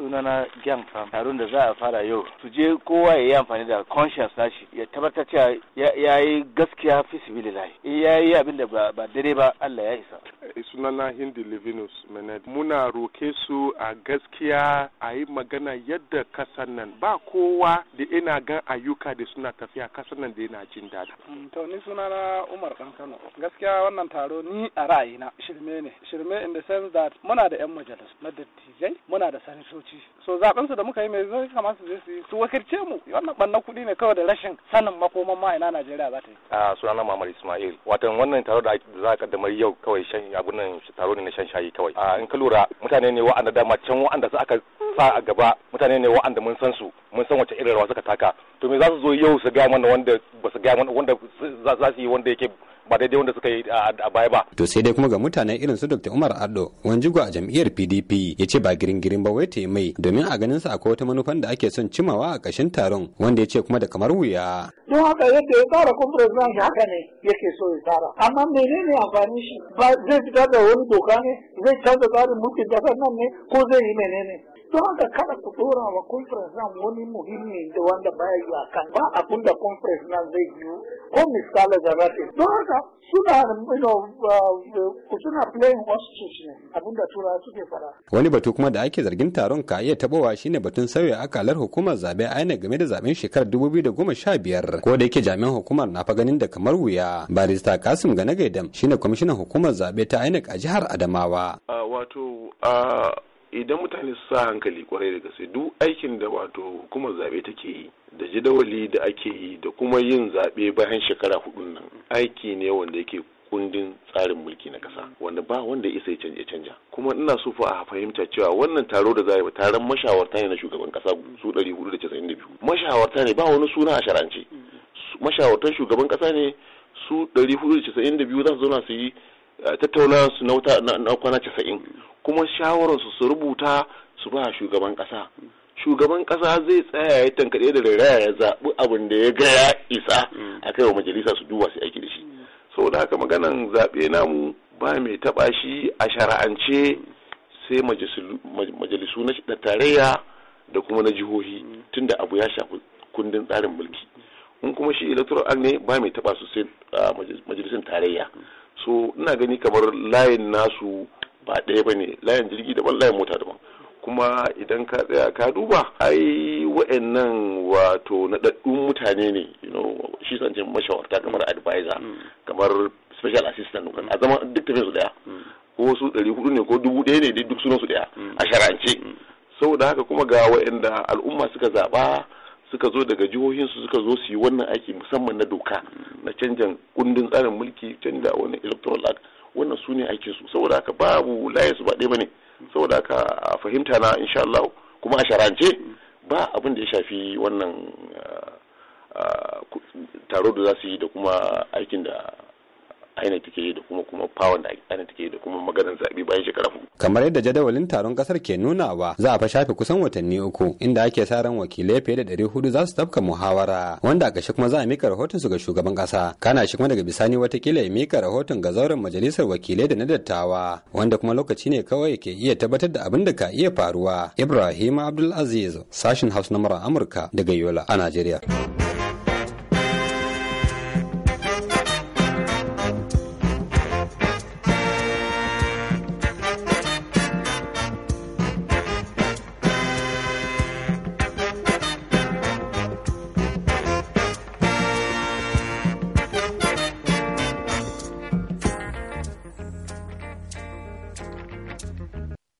sunana Gyan fam. taron da za a fara yau su je kowa ya yi amfani da conscience nashi ya tabbatar cewa ya yi gaskiya fi sibilillahi eh, ya yi abin da ba dare ba Allah ya isa sunana hindi livinus muna roke su a gaskiya a yi magana yadda kasan nan ba kowa da ina gan ayyuka da suna tafiya kasan nan da yana jin dada. Mm, to ni sunana umar dan kano gaskiya wannan taro ni a ra'ayina shirme ne shirme in the sense that muna da yan majalis na dattijai muna da soci so zaben su da muka yi mai zai kamar su su su wakilce mu wannan banna kuɗi ne kawai da rashin sanin makoman ma ina najeriya za ta yi. a ah, sunana mamar ismail watan wannan taro da za a kaddamar yau kawai shan abu shagunan ne na shan shayi kawai a ah, in ka lura mutane ne wa'anda dama can wa'anda su aka sa a gaba mutane ne wa'anda mun san su mun san wace irin rawa suka taka to me za su zo yau su gaya mana wanda ba su gaya mana wanda za su yi wanda yake ba daidai wanda suka yi a baya ba to sai dai kuma ga mutanen irin su Dr. Umar Addo wanjigo a jam'iyyar PDP ya ce ba girin-girin ba wai ta mai domin a ganin sa akwai wata manufan da ake son cimawa a kashin taron wanda ya ce kuma da kamar wuya don haka yadda ya tsara conference nan haka ne yake so ya tsara amma menene amfani shi ba zai fitar da wani doka ne zai canza tsarin mulkin kasar nan ne ko zai yi menene don haka kada ku dora wa conference nan wani muhimmi da wanda baya yi a kan ba abin da conference nan zai yi ko misali da yi don haka suna uh, ku suna playing ostrich ne abin da tura suke fara. wani batu kuma da ake zargin taron ka iya tabowa shine batun sauya akalar hukumar zabe aina game da zaben shekarar dubu biyu da goma sha biyar ko da yake jami'an hukumar na fa ganin da kamar wuya barista kasim gane gaidam shine kwamishinan hukumar zabe ta ainih a jihar adamawa. Uh, wato uh, idan mutane su sa hankali kwarai da gaske duk aikin da wato hukumar zaɓe take yi da jadawali da ake yi da kuma yin zaɓe bayan shekara hudun nan aiki ne wanda yake kundin tsarin mulki na kasa wanda ba wanda ya isa ya canje canja kuma ina so fa a fahimta cewa wannan taro da za yi taron mashawarta ne na shugaban kasa su 492 mashawarta ne ba wani suna a sharance mashawartan shugaban kasa ne su 492 za su zauna su yi tattaunawar su na kwana casa'in kuma shawararsu su rubuta su ba shugaban kasa shugaban kasa zai tsaya ya tankaɗe da rairaya ya zaɓi abin da ya ga ya isa a kai wa majalisa su duba su aiki da shi da haka maganan zaɓe namu ba mai taɓa shi a shara'ance sai majalisu na tarayya da kuma na jihohi tunda abu ya shafi kundin tsarin mulki in kuma shi electoral ne ba mai taɓa su sai majalisun tarayya so ina gani kamar layin nasu ba ɗaya ba ne layin jirgi daban layin mota daban kuma idan ka tsaya ka duba ai wa'annan wato naɗaɗɗun mutane ne you know shi san mashawarta kamar advisor hmm. kamar special assistant a zama duk tafiya su daya hmm. ko su ɗari hudu ne ko dubu ɗaya ne duk sunan su daya hmm. a shara'ance saboda haka kuma ga wa'anda al'umma suka zaɓa suka zo daga jihohinsu suka zo su yi wannan aiki musamman na doka na canjin kundin tsarin mulki canja wani electoral act wannan su ne aikinsu saboda haka babu layinsu ba ɗaya ne saboda haka a fahimta na insha Allah kuma a sharance ba abin da ya shafi wannan ah, ah, taro da za su yi da kuma aikin da aina take yi da kuma kuma power da aina take yi da kuma maganar zaɓe bayan shekara hudu. Kamar yadda jadawalin taron ƙasar ke nunawa za a fa shafe kusan watanni uku inda ake sa ran wakilai fiye da ɗari hudu za su tafka muhawara wanda a ƙarshe kuma za a mika rahoton su ga shugaban ƙasa kana shi kuma daga bisani watakila ya mika rahoton ga zauren majalisar wakilai da na dattawa wanda kuma lokaci ne kawai ke iya tabbatar da abin da ka iya faruwa. Ibrahim Abdulaziz sashin Hausa na Amurka daga Yola a Najeriya.